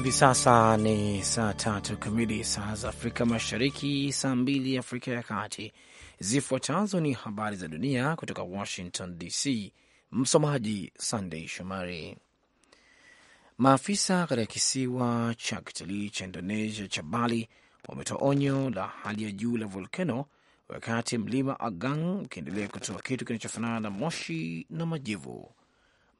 Hivi sasa ni saa tatu kamili saa za Afrika Mashariki, saa mbili Afrika ya Kati. Zifuatazo ni habari za dunia kutoka Washington DC. Msomaji Sandei Shomari. Maafisa katika kisiwa cha kitalii cha Indonesia cha Bali wametoa onyo la hali ya juu la volkano wakati mlima Agang ukiendelea kutoa kitu kinachofanana na moshi na majivu.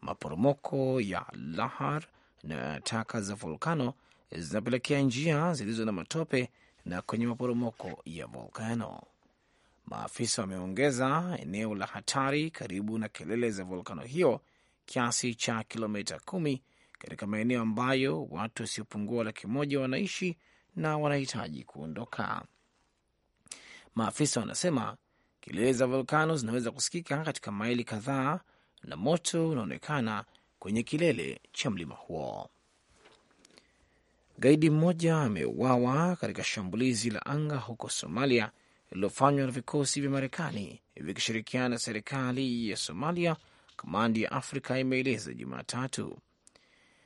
Maporomoko ya lahar na taka za volkano zinapelekea njia zilizo na matope na kwenye maporomoko ya volkano. Maafisa wameongeza eneo la hatari karibu na kelele za volkano hiyo kiasi cha kilomita kumi katika maeneo ambayo watu wasiopungua laki moja wanaishi na wanahitaji kuondoka. Maafisa wanasema kelele za volkano zinaweza kusikika katika maili kadhaa na moto unaonekana kwenye kilele cha mlima huo. Gaidi mmoja ameuawa katika shambulizi la anga huko Somalia lililofanywa na vikosi vya Marekani vikishirikiana na serikali ya Somalia, kamandi ya Afrika imeeleza Jumatatu.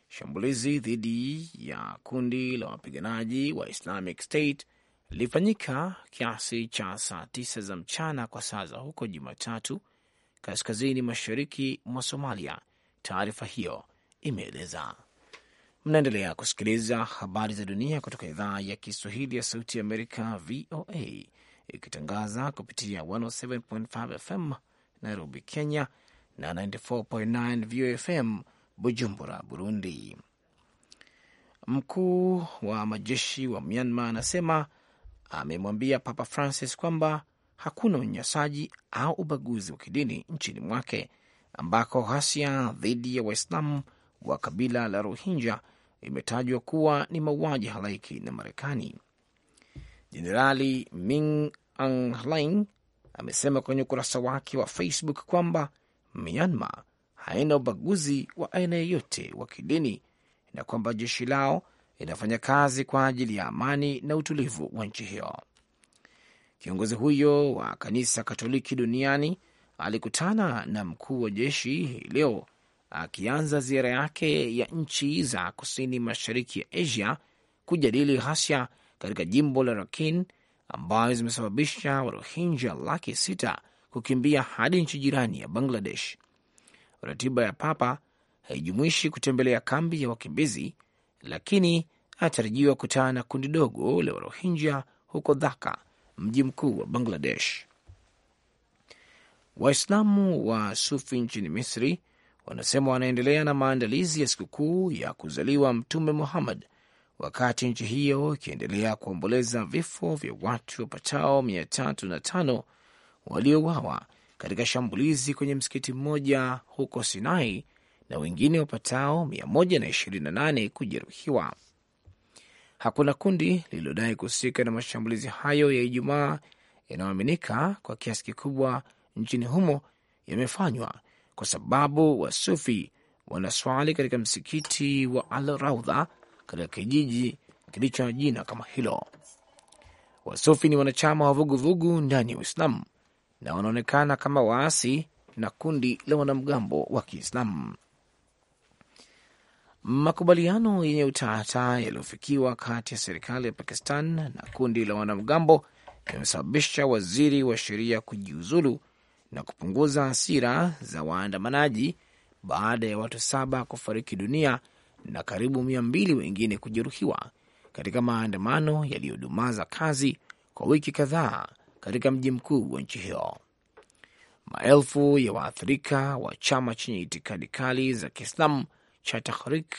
Shambulizi dhidi ya kundi la wapiganaji wa Islamic State lilifanyika kiasi cha saa tisa za mchana kwa saa za huko Jumatatu, kaskazini mashariki mwa Somalia, taarifa hiyo imeeleza. Mnaendelea kusikiliza habari za dunia kutoka idhaa ya Kiswahili ya Sauti ya Amerika, VOA, ikitangaza kupitia 107.5 FM Nairobi, Kenya na 94.9 VOFM Bujumbura, Burundi. Mkuu wa majeshi wa Myanmar anasema amemwambia Papa Francis kwamba hakuna unyanyasaji au ubaguzi wa kidini nchini mwake ambako ghasia dhidi ya Waislamu wa kabila la Rohingya imetajwa kuwa ni mauaji halaiki na Marekani. Jenerali Ming Aung Hlaing amesema kwenye ukurasa wake wa Facebook kwamba Myanmar haina ubaguzi wa aina yeyote wa kidini na kwamba jeshi lao linafanya kazi kwa ajili ya amani na utulivu wa nchi hiyo. Kiongozi huyo wa kanisa Katoliki duniani alikutana na mkuu wa jeshi hii leo akianza ziara yake ya nchi za kusini mashariki ya Asia kujadili ghasia katika jimbo la Rakhine ambayo zimesababisha Warohinja laki sita kukimbia hadi nchi jirani ya Bangladesh. Ratiba ya Papa haijumuishi kutembelea kambi ya wakimbizi, lakini anatarajiwa kutana na kundi dogo la Warohinja huko Dhaka, mji mkuu wa Bangladesh. Waislamu wa Sufi nchini Misri wanasema wanaendelea na maandalizi ya sikukuu ya kuzaliwa Mtume Muhammad, wakati nchi hiyo ikiendelea kuomboleza vifo vya watu wapatao mia tatu na tano katika shambulizi kwenye msikiti mmoja huko Sinai na wengine wapatao 128 kujeruhiwa. Hakuna kundi lililodai kuhusika na mashambulizi hayo ya Ijumaa yanayoaminika kwa kiasi kikubwa nchini humo yamefanywa kwa sababu wasufi wanaswali katika msikiti wa Al Raudha katika kijiji kilicho na jina kama hilo. Wasufi ni wanachama wa vuguvugu ndani ya Uislamu na wanaonekana kama waasi na kundi la wanamgambo wa Kiislamu. Makubaliano yenye utata yaliyofikiwa kati ya serikali ya Pakistan na kundi la wanamgambo yamesababisha waziri wa sheria kujiuzulu na kupunguza hasira za waandamanaji baada ya watu saba kufariki dunia na karibu mia mbili wengine kujeruhiwa katika maandamano yaliyodumaza kazi kwa wiki kadhaa katika mji mkuu wa nchi hiyo. Maelfu ya waathirika wa chama chenye itikadi kali za Kiislamu cha Tahrik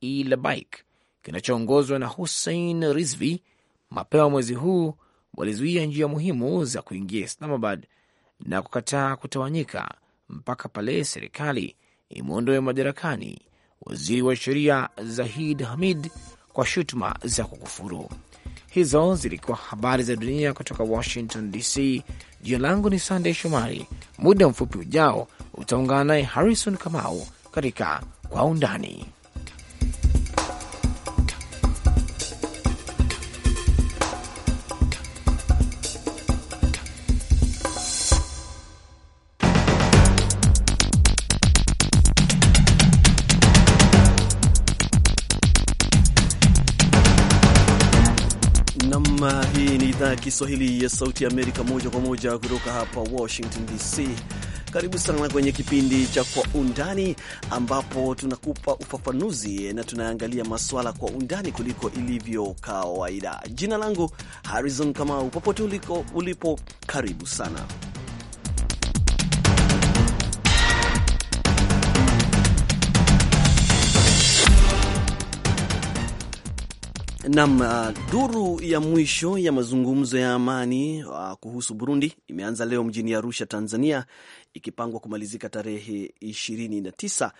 i Labaik kinachoongozwa na Hussein Rizvi mapema mwezi huu walizuia njia muhimu za kuingia Islamabad na kukataa kutawanyika mpaka pale serikali imeondoe madarakani waziri wa sheria Zahid Hamid kwa shutuma za kukufuru. Hizo zilikuwa habari za dunia kutoka Washington DC. Jina langu ni Sandey Shomari. Muda mfupi ujao utaungana naye Harrison Kamau katika Kwa Undani. Kiswahili ya Sauti ya Amerika moja kwa moja kutoka hapa Washington DC. Karibu sana kwenye kipindi cha Kwa Undani, ambapo tunakupa ufafanuzi na tunaangalia maswala kwa undani kuliko ilivyo kawaida. Jina langu Harrison Kamau, popote uliko ulipo, karibu sana. Nam, uh, duru ya mwisho ya mazungumzo ya amani uh, kuhusu Burundi imeanza leo mjini Arusha, Tanzania, ikipangwa kumalizika tarehe 29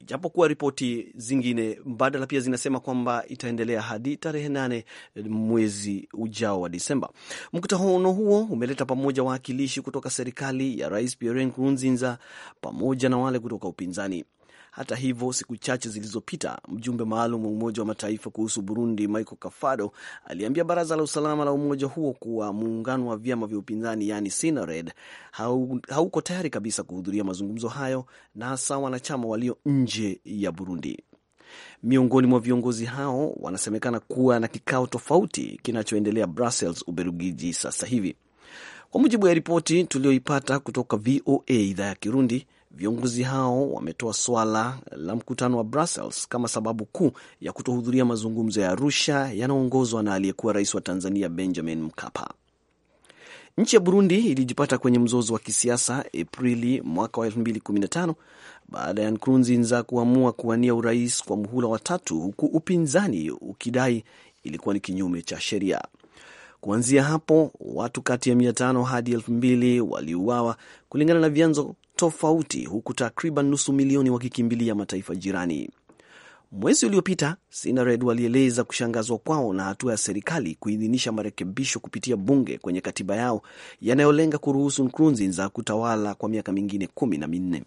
ijapokuwa ripoti zingine mbadala pia zinasema kwamba itaendelea hadi tarehe nane mwezi ujao wa Disemba. Mkutano huo umeleta pamoja wawakilishi kutoka serikali ya Rais Pierre Nkurunziza pamoja na wale kutoka upinzani. Hata hivyo, siku chache zilizopita, mjumbe maalum wa Umoja wa Mataifa kuhusu Burundi Michael Kafado aliambia baraza la usalama la umoja huo kuwa muungano wa vyama vya upinzani yani Sinared hauko tayari kabisa kuhudhuria mazungumzo hayo na hasa wanachama walio nje ya Burundi. Miongoni mwa viongozi hao wanasemekana kuwa na kikao tofauti kinachoendelea Brussels, Ubelgiji sasa hivi, kwa mujibu ya ripoti tuliyoipata kutoka VOA idhaa ya Kirundi. Viongozi hao wametoa swala la mkutano wa Brussels kama sababu kuu ya kutohudhuria mazungumzo ya Arusha yanayoongozwa na aliyekuwa rais wa Tanzania Benjamin Mkapa. Nchi ya Burundi ilijipata kwenye mzozo wa kisiasa Aprili mwaka wa 2015 baada ya Nkurunziza kuamua kuwania urais kwa muhula wa tatu, huku upinzani ukidai ilikuwa ni kinyume cha sheria. Kuanzia hapo watu kati ya mia tano hadi elfu mbili waliuawa kulingana na vyanzo tofauti, huku takriban nusu milioni wakikimbilia mataifa jirani. Mwezi uliopita Sinared walieleza kushangazwa kwao na hatua ya serikali kuidhinisha marekebisho kupitia bunge kwenye katiba yao yanayolenga kuruhusu Nkurunziza kutawala kwa miaka mingine kumi na minne.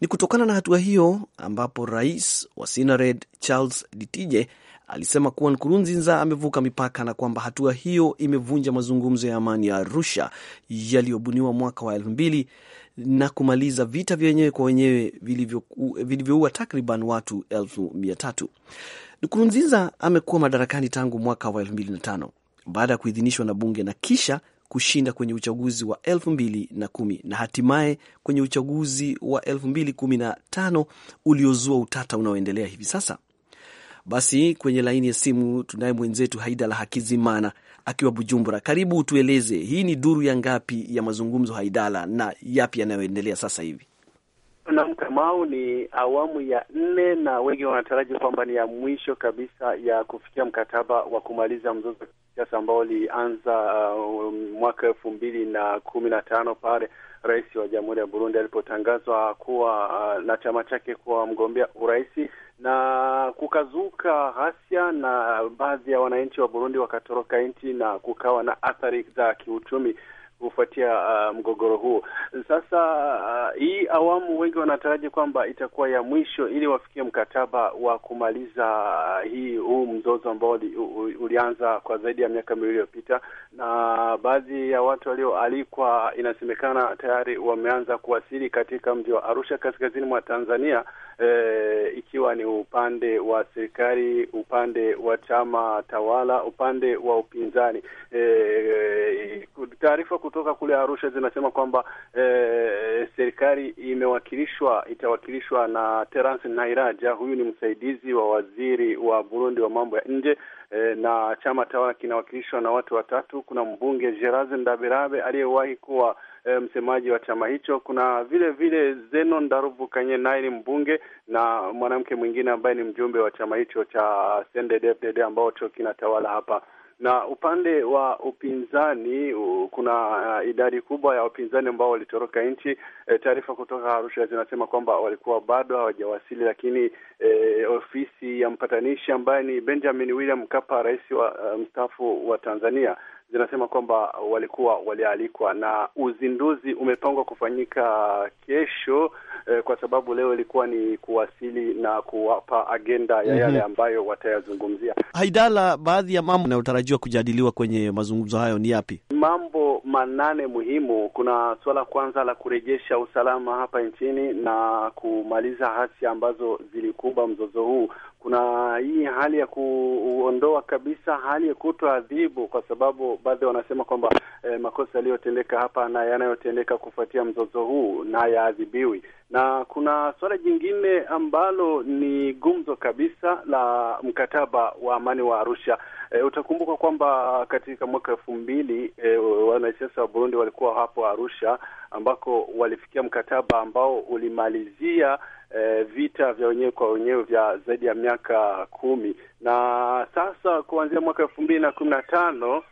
Ni kutokana na hatua hiyo ambapo rais wa Sinared Charles Ditije alisema kuwa Nkurunziza amevuka mipaka na kwamba hatua hiyo imevunja mazungumzo ya amani ya Arusha yaliyobuniwa mwaka wa elfu mbili na kumaliza vita vya wenyewe kwa wenyewe vilivyoua takriban watu elfu mia tatu. Nkurunziza amekuwa madarakani tangu mwaka wa elfu mbili na tano baada ya kuidhinishwa na bunge na kisha kushinda kwenye uchaguzi wa elfu mbili na kumi na hatimaye kwenye uchaguzi wa elfu mbili kumi na tano uliozua utata unaoendelea hivi sasa. Basi kwenye laini ya simu tunaye mwenzetu Haidala Hakizimana akiwa Bujumbura. Karibu, tueleze hii ni duru ya ngapi ya mazungumzo Haidala, na yapi yanayoendelea sasa hivi? Naam, Kamau, ni awamu ya nne na wengi wanataraji kwamba ni ya mwisho kabisa ya kufikia mkataba wa kumaliza mzozo wa kisiasa ambao ulianza uh, um, mwaka elfu mbili na kumi na tano pale rais wa Jamhuri ya Burundi alipotangazwa kuwa uh, na chama chake kuwa mgombea urais na kukazuka ghasia na baadhi ya wananchi wa Burundi wakatoroka nchi na kukawa na athari za kiuchumi kufuatia uh, mgogoro huu sasa. Uh, hii awamu wengi wanataraji kwamba itakuwa ya mwisho ili wafikie mkataba wa kumaliza uh, hii huu mzozo ambao ulianza kwa zaidi ya miaka miwili iliyopita, na baadhi ya watu walioalikwa inasemekana tayari wameanza kuwasili katika mji wa Arusha kaskazini mwa Tanzania, e, ikiwa ni upande wa serikali, upande wa chama tawala, upande wa upinzani e, taarifa kutoka kule Arusha zinasema kwamba eh, serikali imewakilishwa itawakilishwa na Terence Nairaja, huyu ni msaidizi wa waziri wa Burundi wa mambo ya nje eh, na chama tawala kinawakilishwa na watu watatu. Kuna mbunge Gerard Ndabirabe aliyewahi kuwa E, msemaji wa chama hicho. Kuna vile vile Zeno Ndaruvukanye, naye ni mbunge na mwanamke mwingine ambaye ni mjumbe wa chama hicho cha CNDD-FDD ambacho kinatawala hapa na upande wa upinzani kuna uh, idadi kubwa ya wapinzani ambao walitoroka nchi. E, taarifa kutoka Arusha zinasema kwamba walikuwa bado hawajawasili, lakini e, ofisi ya mpatanishi ambaye ni Benjamin William Mkapa, rais wa uh, mstaafu wa Tanzania zinasema kwamba walikuwa walialikwa, na uzinduzi umepangwa kufanyika kesho eh, kwa sababu leo ilikuwa ni kuwasili na kuwapa agenda ya yale mhm. ambayo watayazungumzia. Haidala, baadhi ya mambo yanayotarajiwa kujadiliwa kwenye mazungumzo hayo ni yapi? Mambo manane muhimu. Kuna suala kwanza la kurejesha usalama hapa nchini na kumaliza hasi ambazo zilikumba mzozo huu kuna hii hali ya kuondoa kabisa hali ya adhibu kwa sababu baadhi wanasema kwamba eh, makosa yaliyotendeka hapa na yanayotendeka kufuatia mzozo huu na yaadhibiwi Na kuna suala jingine ambalo ni gumzo kabisa la mkataba wa amani wa Arusha. E, utakumbuka kwamba katika mwaka elfu mbili e, wanasiasa wa Burundi walikuwa hapo Arusha ambako walifikia mkataba ambao ulimalizia e, vita vya wenyewe kwa wenyewe vya zaidi ya miaka kumi na sasa kuanzia mwaka elfu mbili na kumi na tano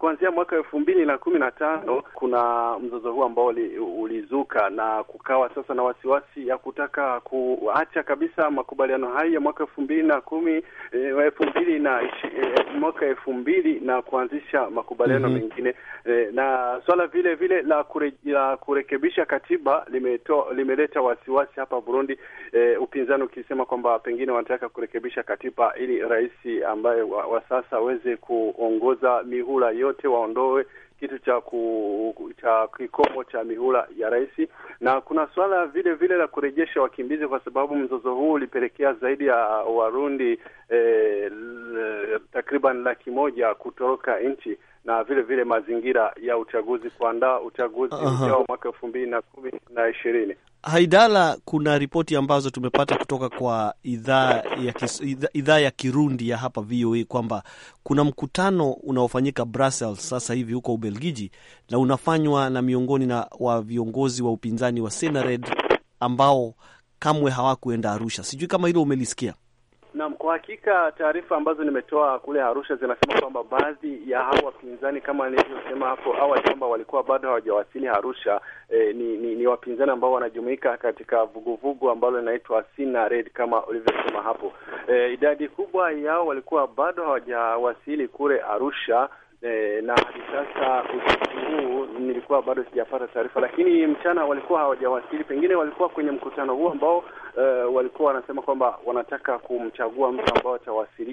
kuanzia mwaka elfu mbili na kumi na tano kuna mzozo huu ambao ulizuka na kukawa sasa na wasiwasi ya kutaka kuacha kabisa makubaliano hayo ya mwaka elfu mbili na kumi eh, elfu mbili na eh, mwaka elfu mbili na kuanzisha makubaliano mm -hmm. mengine e, na swala vile vile la, kure, la kurekebisha katiba limeto, limeleta wasiwasi hapa Burundi e, upinzani ukisema kwamba pengine wanataka kurekebisha katiba ili rais ambaye wa, wa sasa aweze kuongoza mihula yote yote waondoe kitu cha ku, cha kikomo cha mihula ya rais, na kuna suala vile vile la kurejesha wakimbizi, kwa sababu mzozo huu ulipelekea zaidi ya Warundi eh, takriban laki moja kutoroka nchi na vile vile mazingira ya uchaguzi, kuandaa uchaguzi ujao mwaka elfu mbili na kumi na ishirini. Haidala, kuna ripoti ambazo tumepata kutoka kwa idhaa ya, ya Kirundi ya hapa VOA kwamba kuna mkutano unaofanyika Brussels sasa hivi huko Ubelgiji, na unafanywa na miongoni na wa viongozi wa upinzani wa Senared ambao kamwe hawakuenda Arusha. Sijui kama hilo umelisikia. Naam, kwa hakika taarifa ambazo nimetoa kule Arusha zinasema kwamba baadhi ya hao wapinzani kama nilivyosema hapo awali kwamba walikuwa bado hawajawasili Arusha. E, ni, ni, ni wapinzani ambao wanajumuika katika vuguvugu ambalo linaitwa Sina Red kama ulivyosema hapo. E, idadi kubwa yao walikuwa bado hawajawasili kule Arusha E, na hadi sasa usiku huu nilikuwa bado sijapata taarifa, lakini mchana walikuwa hawajawasili, pengine walikuwa kwenye mkutano huu ambao e, walikuwa wanasema kwamba wanataka kumchagua mtu ambao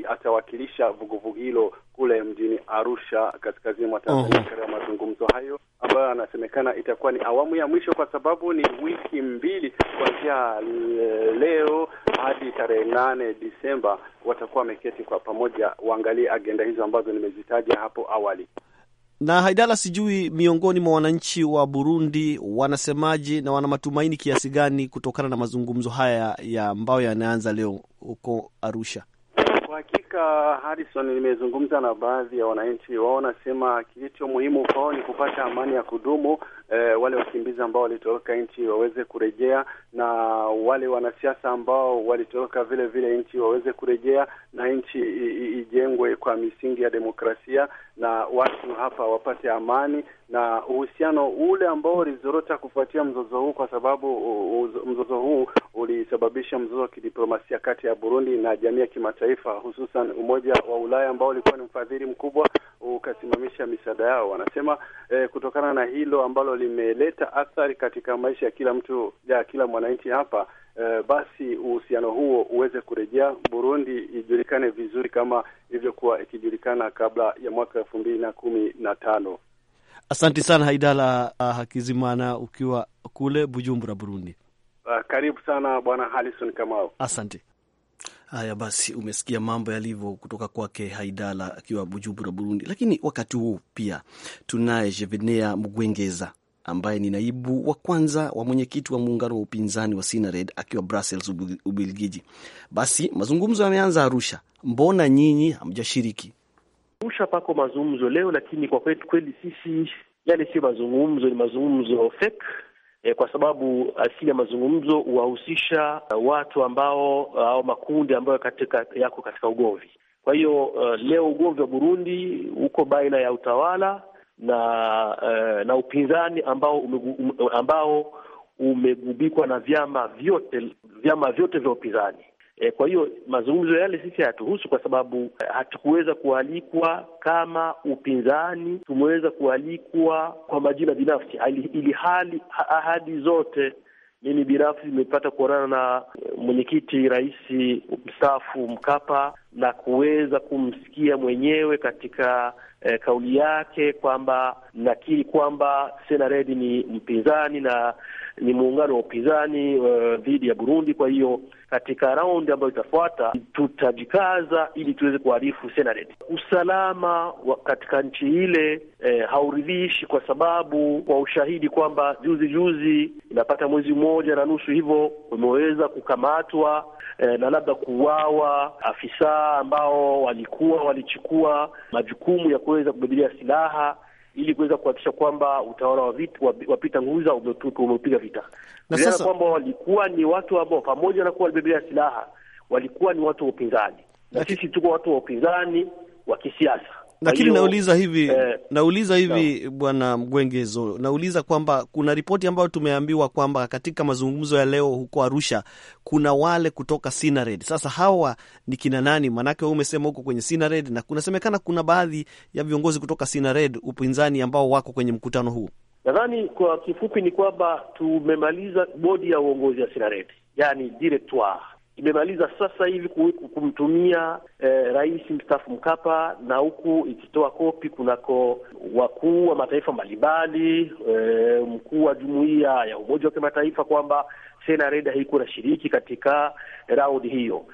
atawakilisha vuguvugu hilo kule mjini Arusha kaskazini mwa Tanzania katika uh -huh. mazungumzo hayo ambayo anasemekana itakuwa ni awamu ya mwisho, kwa sababu ni wiki mbili kuanzia eh, leo hadi tarehe nane Disemba watakuwa wameketi kwa pamoja, waangalie agenda hizo ambazo nimezitaja hapo awali. Na Haidala, sijui miongoni mwa wananchi wa Burundi wanasemaje na wana matumaini kiasi gani kutokana na mazungumzo haya ya ambayo yanaanza leo huko Arusha? Kwa hakika hakika Harrison, nimezungumza na baadhi ya wananchi wao, wanasema kilicho muhimu kwao ni kupata amani ya kudumu e, wale wakimbizi ambao walitoroka nchi waweze kurejea, na wale wanasiasa ambao walitoroka vile vile nchi waweze kurejea, na nchi ijengwe kwa misingi ya demokrasia, na watu hapa wapate amani na uhusiano ule ambao ulizorota kufuatia mzozo huu, kwa sababu mzozo huu ulisababisha mzozo wa kidiplomasia kati ya Burundi na jamii ya kimataifa hususan hususan Umoja wa Ulaya ambao ulikuwa ni mfadhili mkubwa ukasimamisha misaada yao. Wanasema eh, kutokana na hilo ambalo limeleta athari katika maisha ya kila mtu ya kila mwananchi hapa eh, basi uhusiano huo uweze kurejea, Burundi ijulikane vizuri kama ilivyokuwa ikijulikana kabla ya mwaka elfu mbili na kumi na tano. Asante sana Haidala ah, Hakizimana ukiwa kule Bujumbura, Burundi. Uh, karibu sana Bwana Harrison Kamau, asante. Haya basi, umesikia mambo yalivyo kutoka kwake Haidala akiwa Bujumbura, Burundi. Lakini wakati huu pia tunaye Jevenea mgwengeza ambaye ni naibu wa kwanza wa mwenyekiti wa muungano wa upinzani wa Sinared akiwa Brussels, Ubelgiji. Basi mazungumzo yameanza Arusha, mbona nyinyi hamjashiriki? Arusha pako mazungumzo leo, lakini kwa kweli kweli sisi yale sio mazungumzo, ni mazungumzo fake e, kwa sababu asili ya mazungumzo huwahusisha eh, watu ambao eh, au makundi ambayo katika, yako katika ugomvi. Kwa hiyo uh, leo ugomvi wa Burundi uko baina ya utawala na uh, na upinzani ambao umegu, um, ambao umegubikwa na vyama vyote vyama vyote vya upinzani E, kwa hiyo mazungumzo yale sisi hatuhusu kwa sababu e, hatukuweza kualikwa kama upinzani, tumeweza kualikwa kwa majina binafsi, ili hali ahadi zote mimi binafsi nimepata kuonana na e, mwenyekiti rais mstaafu Mkapa na kuweza kumsikia mwenyewe katika eh, kauli yake kwamba nakiri kwamba Senaredi ni mpinzani na ni muungano wa upinzani uh, dhidi ya Burundi. Kwa hiyo katika raundi ambayo itafuata tutajikaza ili tuweze kuharifu Senaredi. Usalama wa katika nchi ile eh, hauridhishi kwa sababu kwa ushahidi kwamba juzi juzi inapata mwezi mmoja na nusu hivyo umeweza kukamatwa eh, na labda kuuawa afisa ambao walikuwa walichukua majukumu ya kuweza kubadilia silaha ili kuweza kuhakikisha kwamba utawala wa vitu wapita nguza umepiga vita. Na sasa kwamba walikuwa ni watu ambao pamoja na kuwa walibebea silaha walikuwa ni watu wa upinzani, na sisi tuko watu wa upinzani wa kisiasa. Lakini nauliza hivi eh, nauliza hivi no. Bwana Mgwengezo, nauliza kwamba kuna ripoti ambayo tumeambiwa kwamba katika mazungumzo ya leo huko Arusha kuna wale kutoka Sinared. Sasa hawa ni kina nani? Maanake wewe umesema huko kwenye Sinared na kunasemekana kuna baadhi ya viongozi kutoka Sinared upinzani ambao wako kwenye mkutano huu. Nadhani kwa kifupi ni kwamba tumemaliza bodi ya uongozi ya Sinared, yani directoire imemaliza sasa hivi kumtumia eh, rais mstaafu Mkapa, na huku ikitoa kopi kunako wakuu wa mataifa mbalimbali, eh, mkuu wa jumuiya ya Umoja wa Kimataifa kwamba Senareda haikuwa na shiriki katika raundi hiyo,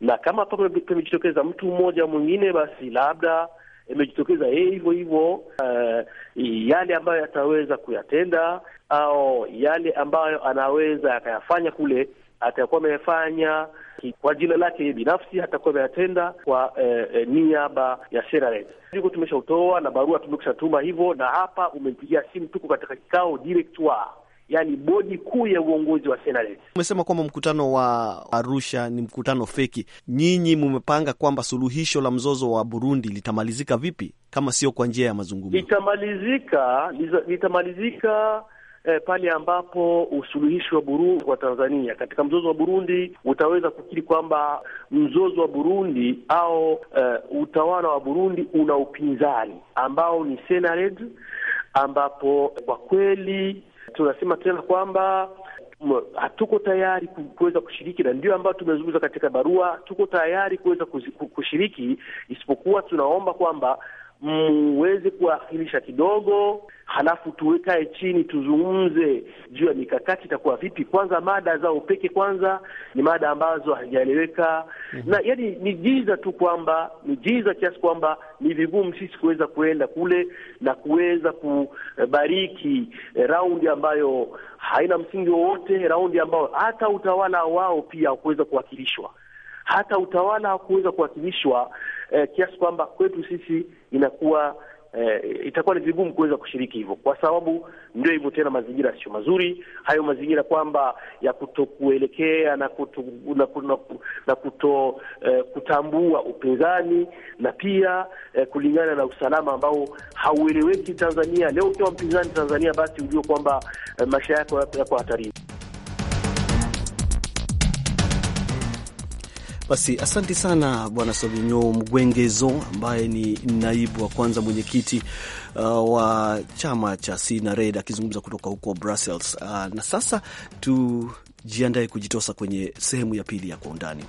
na kama pamejitokeza mtu mmoja mwingine, basi labda imejitokeza yeye hivyo hivyo. Uh, yale ambayo yataweza kuyatenda au yale ambayo anaweza akayafanya kule atakuwa amefanya kwa jina lake yeye binafsi, atakuwa ameyatenda kwa eh, eh, niaba ya Sheraret. Iko tumeshautoa na barua tumekushatuma hivyo, na hapa umempigia simu, tuko katika kikao direktwa Yani bodi kuu ya uongozi wa Senate. Umesema kwamba mkutano wa Arusha ni mkutano feki. Nyinyi mumepanga kwamba suluhisho la mzozo wa Burundi litamalizika vipi kama sio kwa njia ya mazungumzo? Litamalizika litamalizika eh, pale ambapo usuluhishi wa Burundi kwa Tanzania katika mzozo wa Burundi utaweza kukiri kwamba mzozo wa Burundi au eh, utawala wa Burundi una upinzani ambao ni Senared, ambapo kwa kweli tunasema tena kwamba hatuko tayari kuweza kushiriki, na ndio ambayo tumezungumza katika barua. Tuko tayari kuweza kushiriki, isipokuwa tunaomba kwamba muweze kuahirisha kidogo, halafu tuwekae chini tuzungumze juu ya mikakati itakuwa vipi. Kwanza mada zao peke kwanza ni mada ambazo hazijaeleweka mm -hmm. na yani ni jiza tu kwamba ni jiza kiasi kwamba ni vigumu sisi kuweza kuenda kule na kuweza kubariki raundi ambayo haina msingi wowote, raundi ambayo hata utawala wao pia kuweza kuwakilishwa hata utawala kuweza kuwakilishwa eh, kiasi kwamba kwetu sisi inakuwa eh, itakuwa ni vigumu kuweza kushiriki hivyo, kwa sababu ndio hivyo tena, mazingira sio mazuri hayo mazingira kwamba ya kutokuelekea na kuto, na, na, na kuto eh, kutambua upinzani na pia eh, kulingana na usalama ambao haueleweki Tanzania. Leo ukiwa mpinzani Tanzania, basi ujue kwamba eh, maisha yako yako hatarini. Basi asante sana Bwana Sovinyo Mgwengezo, ambaye ni naibu wa kwanza mwenyekiti uh, wa chama cha CNARED akizungumza kutoka huko Brussels. Uh, na sasa tujiandae kujitosa kwenye sehemu ya pili ya Kwa Undani.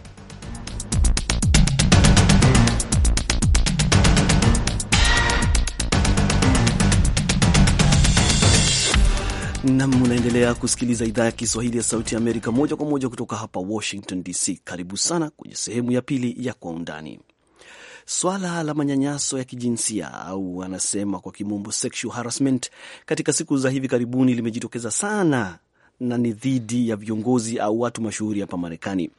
Nam, unaendelea kusikiliza idhaa ya Kiswahili ya Sauti ya Amerika moja kwa moja kutoka hapa Washington DC. Karibu sana kwenye sehemu ya pili ya Kwa Undani. Swala la manyanyaso ya kijinsia au anasema kwa kimombo sexual harassment katika siku za hivi karibuni limejitokeza sana na ni dhidi ya viongozi au watu mashuhuri hapa Marekani.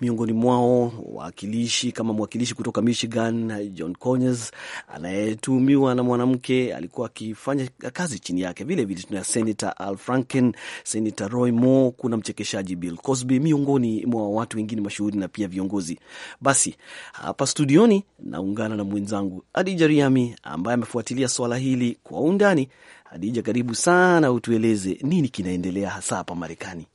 Miongoni mwao wawakilishi kama mwakilishi kutoka Michigan John Conyers anayetuhumiwa na mwanamke alikuwa akifanya kazi chini yake. Vilevile tuna senata Al Franken, senata Roy Moore, kuna mchekeshaji Bill Cosby, miongoni mwa watu wengine mashuhuri na pia viongozi. Basi hapa studioni naungana na mwenzangu Adija Riami ambaye amefuatilia swala hili kwa undani Hadija, karibu sana, utueleze nini kinaendelea hasa hapa Marekani?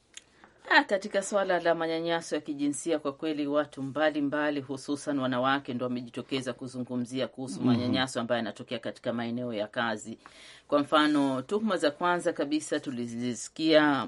Ha, ah, katika swala la manyanyaso ya kijinsia kwa kweli, watu mbalimbali hususan wanawake ndo wamejitokeza kuzungumzia kuhusu mhm. manyanyaso ambayo yanatokea katika maeneo ya kazi. Kwa mfano, tuhuma za kwanza kabisa tulizisikia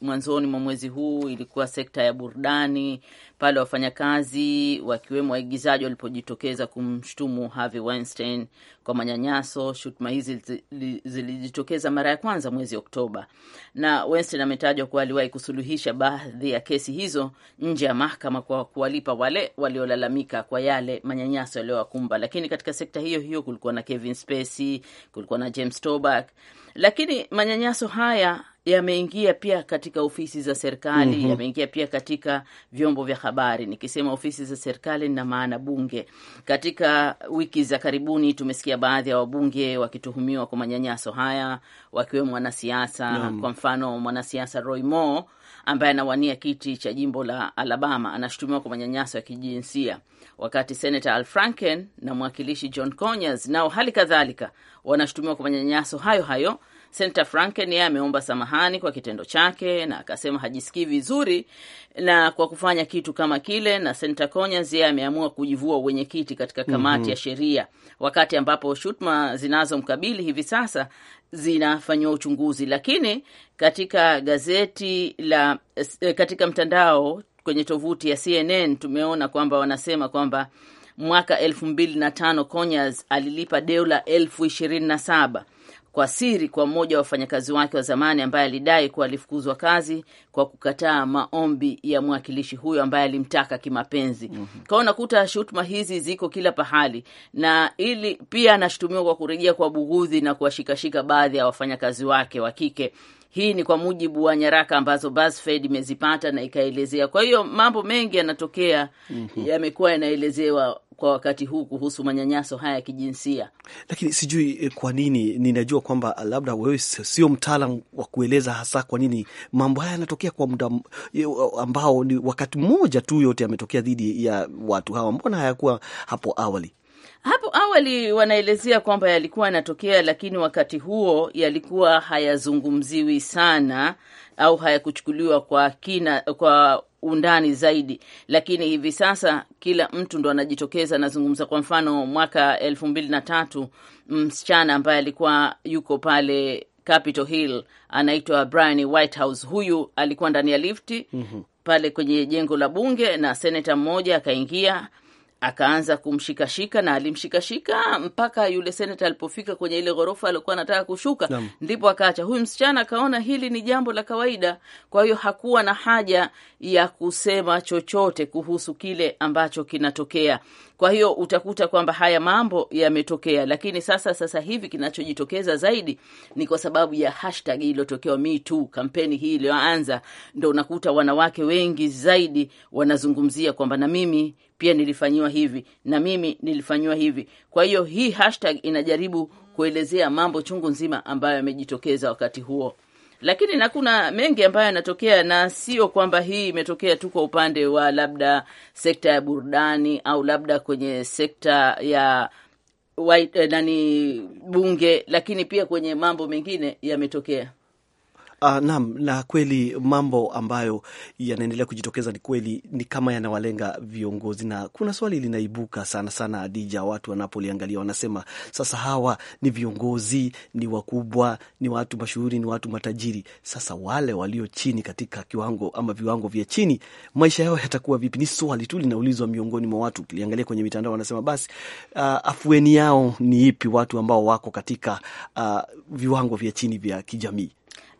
mwanzoni mwa mwezi huu, ilikuwa sekta ya burudani, pale wafanyakazi wakiwemo waigizaji walipojitokeza kumshutumu Harvey Weinstein kwa manyanyaso. Shutuma hizi zilijitokeza mara ya kwanza mwezi Oktoba, na Weinstein ametajwa kuwa aliwahi kusuluhisha baadhi ya kesi hizo nje ya mahakama kwa kuwalipa wale waliolalamika kwa yale manyanyaso yaliyowakumba. Lakini katika sekta hiyo hiyo kulikuwa na Kevin Spacey, kulikuwa na James Sobak. Lakini manyanyaso haya yameingia pia katika ofisi za serikali mm -hmm. Yameingia pia katika vyombo vya habari. Nikisema ofisi za serikali, nina maana bunge. Katika wiki za karibuni tumesikia baadhi ya wabunge wakituhumiwa kwa manyanyaso haya, wakiwemo wanasiasa mm -hmm. Kwa mfano mwanasiasa Roy Moore ambaye anawania kiti cha jimbo la Alabama anashutumiwa kwa manyanyaso ya kijinsia, wakati Senata Al Franken na mwakilishi John Conyers nao hali kadhalika wanashutumiwa kwa manyanyaso hayo hayo Senta Franken yeye ameomba samahani kwa kitendo chake na akasema hajisikii vizuri na kwa kufanya kitu kama kile, na Senta Conyers yeye ameamua kujivua uwenyekiti katika kamati mm -hmm. ya mhm. sheria, wakati ambapo shutuma zinazomkabili hivi sasa zinafanyiwa uchunguzi. Lakini katika gazeti la eh, katika mtandao kwenye tovuti ya CNN tumeona kwamba wanasema kwamba mwaka elfu mbili na tano Conyers alilipa dola elfu ishirini na saba kwa siri kwa mmoja wa wafanyakazi wake wa zamani ambaye alidai kuwa alifukuzwa kazi kwa kukataa maombi ya mwakilishi huyo ambaye alimtaka kimapenzi. mm -hmm. Kwao unakuta shutuma hizi ziko kila pahali, na ili pia anashutumiwa kwa kurejea kwa bugudhi na kuwashikashika baadhi ya wafanyakazi wake wa kike hii ni kwa mujibu wa nyaraka ambazo BuzzFeed imezipata na ikaelezea. Kwa hiyo mambo mengi yanatokea, mm -hmm. yamekuwa yanaelezewa kwa wakati huu kuhusu manyanyaso haya ya kijinsia, lakini sijui eh, kwa nini. Ninajua kwamba labda wewe sio mtaalam wa kueleza hasa kwa nini mambo haya yanatokea kwa muda eh, ambao ni wakati mmoja tu yote yametokea dhidi ya watu hawa, mbona hayakuwa hapo awali? Hapo awali wanaelezea kwamba yalikuwa yanatokea, lakini wakati huo yalikuwa hayazungumziwi sana au hayakuchukuliwa kwa kina, kwa undani zaidi, lakini hivi sasa kila mtu ndo anajitokeza anazungumza. Kwa mfano mwaka elfu mbili na tatu msichana ambaye alikuwa yuko pale Capitol Hill anaitwa Brian Whitehouse, huyu alikuwa ndani ya lifti mm -hmm pale kwenye jengo la bunge na seneta mmoja akaingia akaanza kumshikashika na alimshikashika mpaka yule senata alipofika kwenye ile ghorofa aliokuwa anataka kushuka ndipo akaacha. Huyu msichana akaona hili ni jambo la kawaida, kwa hiyo hakuwa na haja ya kusema chochote kuhusu kile ambacho kinatokea. Kwa hiyo utakuta kwamba haya mambo yametokea, lakini sasa sasa hivi kinachojitokeza zaidi ni kwa sababu ya hashtag iliyotokewa Me Too, kampeni hii iliyoanza, ndo unakuta wanawake wengi zaidi wanazungumzia kwamba na mimi pia nilifanyiwa hivi na mimi nilifanyiwa hivi. Kwa hiyo hii hashtag inajaribu kuelezea mambo chungu nzima ambayo yamejitokeza wakati huo, lakini na kuna mengi ambayo yanatokea, na sio kwamba hii imetokea tu kwa upande wa labda sekta ya burudani au labda kwenye sekta ya white, eh, nani bunge, lakini pia kwenye mambo mengine yametokea. Uh, naam, na kweli mambo ambayo yanaendelea kujitokeza ni kweli ni kama yanawalenga viongozi, na kuna swali linaibuka sana sana, Adija, watu wanapoliangalia wanasema, sasa hawa ni viongozi, ni wakubwa, ni watu mashuhuri, ni watu matajiri. Sasa wale walio chini katika kiwango ama viwango vya chini, maisha yao yatakuwa vipi? Ni swali tu linaulizwa miongoni mwa watu. Ukiangalia kwenye mitandao wanasema basi, uh, afueni yao ni ipi? Watu ambao wako katika uh, viwango vya chini vya kijamii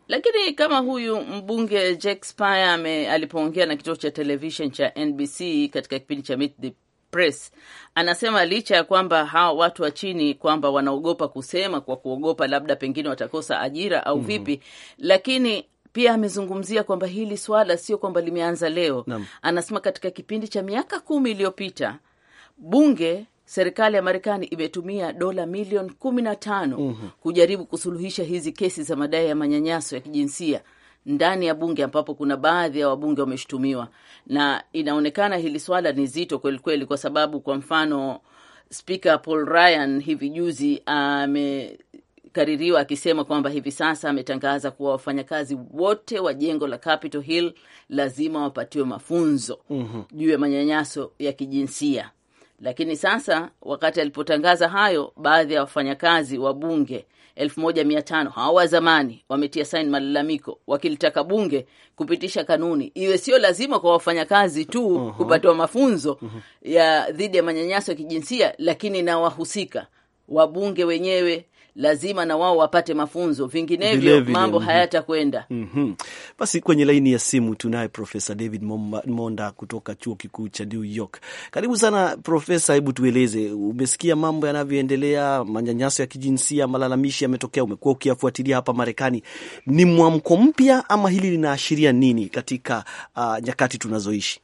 lakini kama huyu mbunge Jack Speier alipoongea na kituo cha televishen cha NBC katika kipindi cha Meet the Press, anasema licha ya kwamba hawa watu wa chini kwamba wanaogopa kusema kwa kuogopa labda pengine watakosa ajira au mhm. vipi, mm -hmm. lakini pia amezungumzia kwamba hili swala sio kwamba limeanza leo. Nam. Anasema katika kipindi cha miaka kumi iliyopita bunge serikali ya Marekani imetumia dola milioni kumi na tano mm -hmm. kujaribu kusuluhisha hizi kesi za madai ya manyanyaso ya kijinsia ndani ya bunge ambapo kuna baadhi ya wabunge wameshutumiwa, na inaonekana hili swala ni zito kwelikweli, kwa sababu kwa mfano Spika Paul Ryan hivi juzi amekaririwa akisema kwamba hivi sasa ametangaza kuwa wafanyakazi wote wa jengo la Capitol Hill lazima wapatiwe mafunzo mhm. juu mm -hmm. ya manyanyaso ya kijinsia. Lakini sasa wakati alipotangaza hayo, baadhi ya wafanyakazi wa bunge elfu moja mia tano hawa wa zamani wametia saini malalamiko wakilitaka bunge kupitisha kanuni iwe sio lazima kwa wafanyakazi tu uh -huh. kupatiwa mafunzo uh -huh. ya dhidi ya manyanyaso ya kijinsia, lakini na wahusika wabunge wenyewe lazima na wao wapate mafunzo, vinginevyo mambo mhm. hayatakwenda. mm -hmm. Basi kwenye laini ya simu tunaye Profesa David Monda kutoka chuo kikuu cha New York. Karibu sana Profesa, hebu tueleze, umesikia mambo yanavyoendelea, manyanyaso ya kijinsia, malalamishi yametokea, umekuwa ukiyafuatilia hapa Marekani. Ni mwamko mpya ama hili linaashiria nini katika uh, nyakati tunazoishi?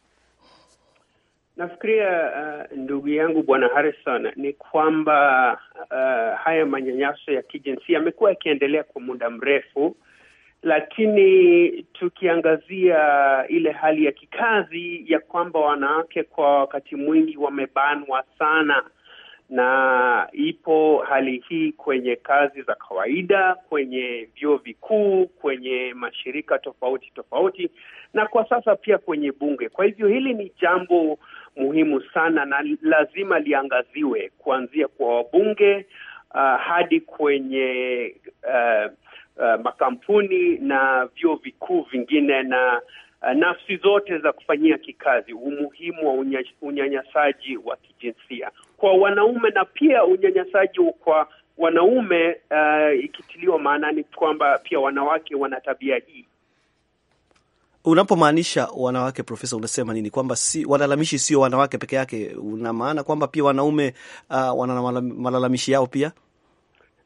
Nafikiria uh, ndugu yangu bwana Harrison, ni kwamba uh, haya manyanyaso ya kijinsia yamekuwa yakiendelea kwa muda mrefu, lakini tukiangazia ile hali ya kikazi ya kwamba wanawake kwa wakati mwingi wamebanwa sana na ipo hali hii kwenye kazi za kawaida, kwenye vyuo vikuu, kwenye mashirika tofauti tofauti, na kwa sasa pia kwenye bunge. Kwa hivyo hili ni jambo muhimu sana na lazima liangaziwe kuanzia kwa wabunge uh, hadi kwenye uh, uh, makampuni na vyuo vikuu vingine na uh, nafsi zote za kufanyia kikazi umuhimu wa unyanyasaji wa kijinsia kwa wanaume na pia unyanyasaji kwa wanaume uh, ikitiliwa maanani kwamba pia wanawake wana tabia hii. Unapomaanisha wanawake, Profesa, unasema nini? Kwamba si walalamishi, sio wanawake peke yake, una maana kwamba pia wanaume uh, wana malalamishi yao pia?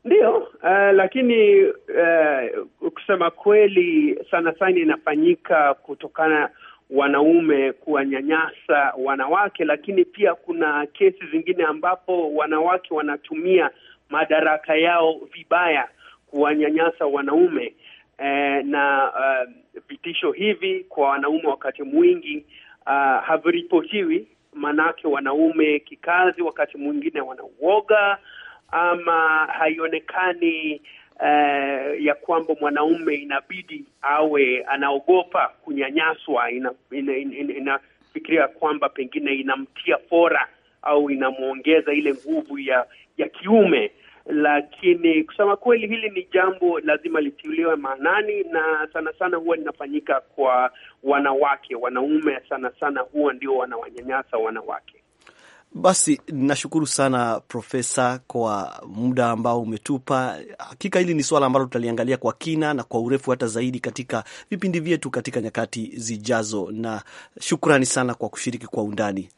Ndiyo. Uh, lakini uh, kusema kweli sana sana inafanyika kutokana wanaume kuwanyanyasa wanawake, lakini pia kuna kesi zingine ambapo wanawake wanatumia madaraka yao vibaya kuwanyanyasa wanaume e, na uh, vitisho hivi kwa wanaume wakati mwingi uh, haviripotiwi, maanake wanaume kikazi wakati mwingine wanauoga ama haionekani Eh, ya kwamba mwanaume inabidi awe anaogopa kunyanyaswa, inafikiria ina, ina, ina kwamba pengine inamtia fora au inamwongeza ile nguvu ya ya kiume. Lakini kusema kweli, hili ni jambo lazima litiuliwe maanani, na sana sana huwa linafanyika kwa wanawake. Wanaume sana sana huwa ndio wanawanyanyasa wanawake. Basi nashukuru sana Profesa kwa muda ambao umetupa. Hakika hili ni suala ambalo tutaliangalia kwa kina na kwa urefu hata zaidi katika vipindi vyetu katika nyakati zijazo, na shukrani sana kwa kushiriki kwa undani.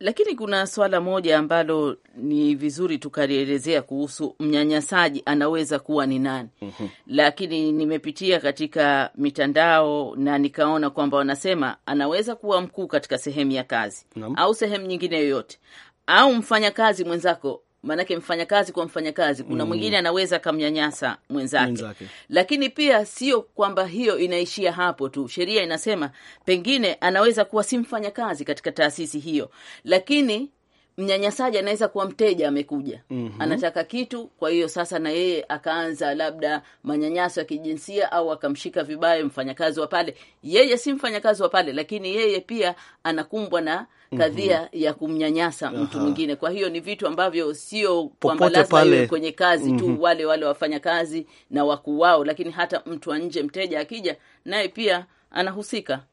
Lakini kuna swala moja ambalo ni vizuri tukalielezea kuhusu mnyanyasaji, anaweza kuwa ni nani? mm -hmm. Lakini nimepitia katika mitandao na nikaona kwamba wanasema anaweza kuwa mkuu katika sehemu ya kazi mm -hmm. au sehemu nyingine yoyote, au mfanyakazi mwenzako maanake mfanyakazi kwa mfanyakazi, kuna mm. mwingine mm. anaweza akamnyanyasa mwenzake, mwenzake. Lakini pia sio kwamba hiyo inaishia hapo tu. Sheria inasema pengine anaweza kuwa si mfanyakazi katika taasisi hiyo, lakini mnyanyasaji anaweza kuwa mteja amekuja, mm -hmm. anataka kitu, kwa hiyo sasa na yeye akaanza labda manyanyaso ya kijinsia au akamshika vibaya mfanyakazi wa pale. Yeye si mfanyakazi wa pale, lakini yeye pia anakumbwa na Mhm. kadhia mm -hmm. ya kumnyanyasa mtu Aha. mwingine. Kwa hiyo ni vitu ambavyo sio kwamba lazima iwe kwenye kazi mm -hmm. tu mhm. wale wale wafanya kazi na wakuu wao, lakini hata mtu wa nje, mteja akija naye pia anahusika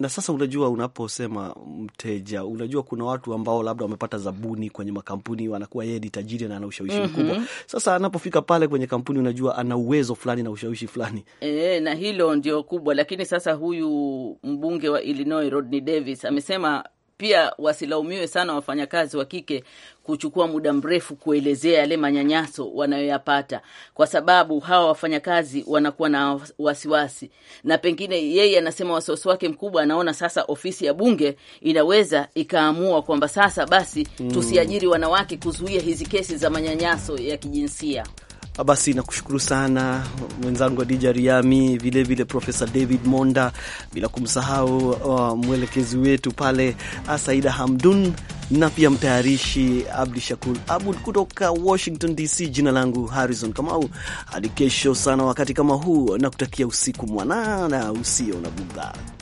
na sasa, unajua, unaposema mteja, unajua kuna watu ambao labda wamepata zabuni kwenye makampuni, wanakuwa yeye ni tajiri na ana ushawishi mm -hmm. mkubwa. Sasa anapofika pale kwenye kampuni, unajua ana uwezo fulani na ushawishi fulani e, na hilo ndio kubwa. Lakini sasa huyu mbunge wa Illinois Rodney Davis amesema pia wasilaumiwe sana wafanyakazi wa kike kuchukua muda mrefu kuelezea yale manyanyaso wanayoyapata, kwa sababu hawa wafanyakazi wanakuwa na wasiwasi, na pengine yeye anasema wasiwasi wake mkubwa, anaona sasa ofisi ya bunge inaweza ikaamua kwamba sasa basi mm. tusiajiri wanawake kuzuia hizi kesi za manyanyaso ya kijinsia. Ah, basi nakushukuru sana mwenzangu Adija Riami, vilevile Profesa David Monda, bila kumsahau uh, mwelekezi wetu pale ah, Saida Hamdun na pia mtayarishi Abdi Shakur Abud kutoka Washington DC. Jina langu Harrison Kamau, hadi kesho sana wakati kama huu, na kutakia usiku mwanana usio na budha.